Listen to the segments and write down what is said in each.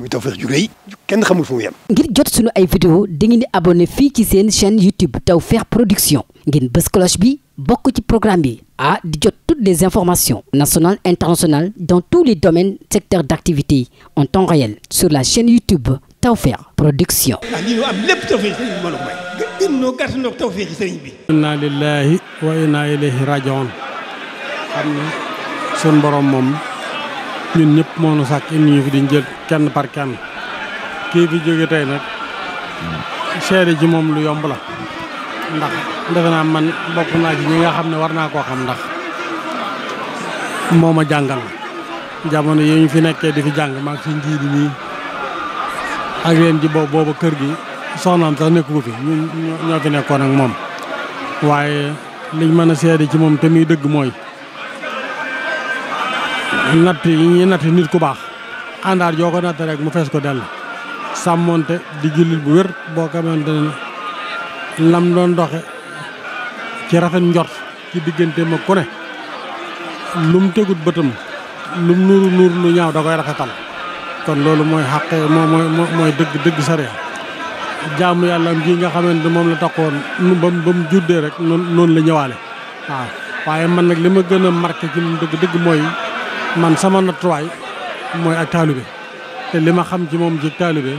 muy Tawfekh ju rëy kenn ngir jot sunu ay vidéo dangeen di abonné fii ci seen chaîne YouTube Tawfekh Production ngeen bës cloche bi bokk ci programme bi a di jot toutes les informations nationales internationales dans tous les domaines secteurs d'activité en temps réel sur la chaîne YouTube Tawfekh Production. ah lii am lépp Tawfekh sëriñ bi mbooloo mooy. bi. inna lillahi wa inna ilayhi raji'un xam borom moom. ñun ñëpp moo nu sàkk indi ñu fi di jël kenn par kenn kii fi jóge tey nag seede ci moom lu yomb la ndax defe naa man bokk naa ci ñi nga xam ne war naa koo xam ndax moo ma jàngal jamono yi ñu fi nekkee di fi jàng ci si njiit mii ak leen ji boobu booba kër gi soxnaam sax nekku fi ñun ñoo fi nekkoon ak moom waaye liñ mën a seede ci moom te muy dëgg mooy natt yi ñuy natt nit ku baax àndaar joo ko natt rek mu fees ko dell sàmmoonte di jullit bu wér boo xamante ne lam doon doxe ci rafet njot ci diggante ma ku ne lum tegut bëtam lum nuuru nuur lu ñaaw da koy rafetal kon loolu mooy xàq mooy dëgg dëgg sariya jaamu yàlla gii nga xamante moom la taxoon ba ba mu juddee rek noonu la ñëwaale waaw waaye man nag li ma gën a marqué ci moom dëgg dëgg mooy man sama nattuwaay mooy ak taalibe te li ma xam ci moom jik taalibe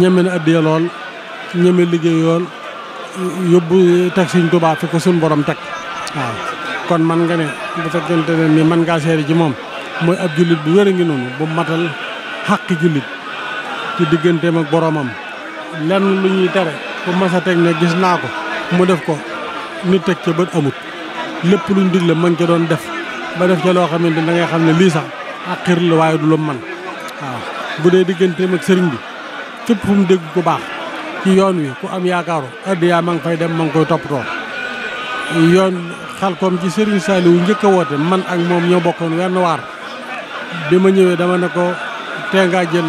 ñeme na addiya lool ñeme liggéey yóbbu teg Sëñ Tuubaa fi ko suñ boroom teg waaw kon man nga ne bu fekkente ne ni man ngaa seeri ci moom mooy ab jullit bu wér a ngi noonu bu matal xàqi jullit ci digganteem ak boromam lenn lu ñuy tere bu masa teg ne gis naa ko mu def ko nit teg ca bët amut lépp luñ digle ma ngi ca doon def ba def ca loo xamante da ngay xam ne lii sax ak xir la waaye du la man waaw bu dee digganteem ak sëriñ bi fépp fu mu dégg ku baax ci yoon wi ku am yaakaaru addiyaa ma ngi fay dem ma ngi koy toppatoo yoon xalkoom ci sëriñ Saliou njëkk a woote man ak moom ñoo bokkoon wenn waar bi ma ñëwee dama ne ko tee ngaa jël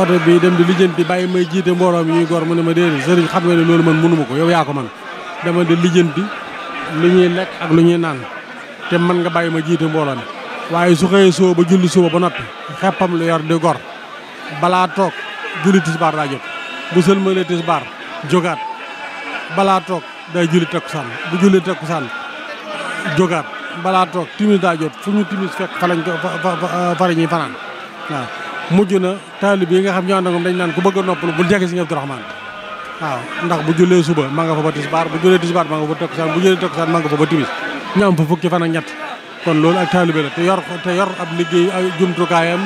oto bi dem di lijjanti bàyyi may jiite mbooloo mi goor gor mu ne ma déedéet sëriñ xam nga ne loolu man mënuma ko yow yaa ko man dama di lijjanti lu ñuy lekk ak lu ñuy naan te mën nga bàyyi ma jiite mbooloo mi waaye su xëyee suba ba julli suba ba noppi xeppam lu yor di gor balaa toog julli tisbaar daa bu sëlmalee tisbaar jógaat balaa toog day julli takkusaan bu julli takkusaan jógaat balaa toog timis daa jot fu ñu timis fekk fa lañ ko fa la ñuy fanaan waaw mujj na taalib yi nga xam ñoo ànd dañ naan ku bëgg a noppalu bu jege si Abdourahmane waaw ndax bu jullee suba ma nga fa ba tisbaar bu jullee tisbaar ma nga fa ba timis ñu am fa fukki fan ak ñett kon loolu ak taalibe la te yor yor ab liggéey jumtukaayam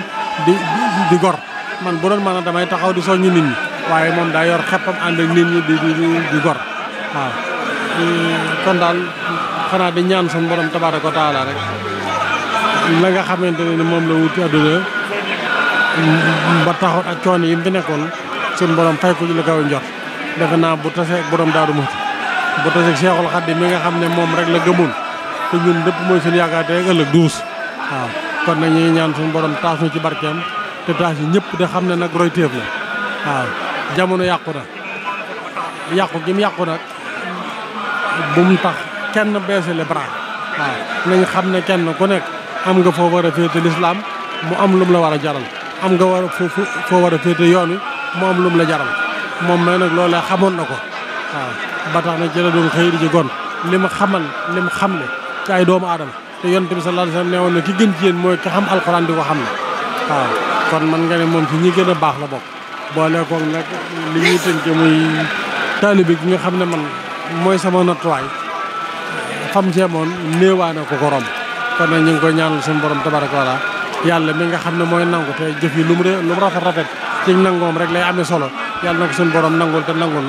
di di gor man bu doon maanaam damay taxaw di soññi nit ñi waaye moom daa yor xeppam ànd ak nit ñi di di gor waaw mm, kon daal xanaa di ñaan suñu borom tabaaraka ko taala rek la nga xamante ne moom la wuti adduna ba taxoon ak coono yi mu fi nekkoon suñu borom fay ko ci la kaw njot defe naa bu tasee borom daaru mu bu tasee Seexul Xadiim mi nga xam ne moom rek la gëmoon te ñun lépp mooy suñu yaakaar tey ëllëg duus waaw kon nag ñuy ñaan suñu borom taas ñu ci barkeem te taas yi ñëpp de xam ne nag roy téef la waaw jamono yàqu na yàqu gi mu yàqu nag bu mu tax kenn baissé les waaw nañ xam ne kenn ku nekk am nga foo war a féete lislaam mu am mu la war a jaral am nga war a war a féete yoon wi mu am lum la jaral moom may nag loolee xamoon na ko waaw ba tax na ci la doon xëy ci gon li mu xamal li mu xam ci ay doomu aadama te yonent bi sallallahu alayhi wasallam ne woon na ki gën ci yéen mooy ki xam alxuraan di ko xam na waaw kon man nga ne moom ci ñi gën a baax la bokk boole koog nag li ñuy tënke muy taalibe gi nga xam ne man mooy sama nattuwaay fam seemoon néewaane ko ko romb kon nag ñu ngi koy ñaanal suñu borom tabaraka wala yàlla mi nga xam ne mooy nangu te jëf yi lu mu lu mu rafet rafet ci nangoom rek lay amee solo yàlla na ko suñu borom nangul te nangul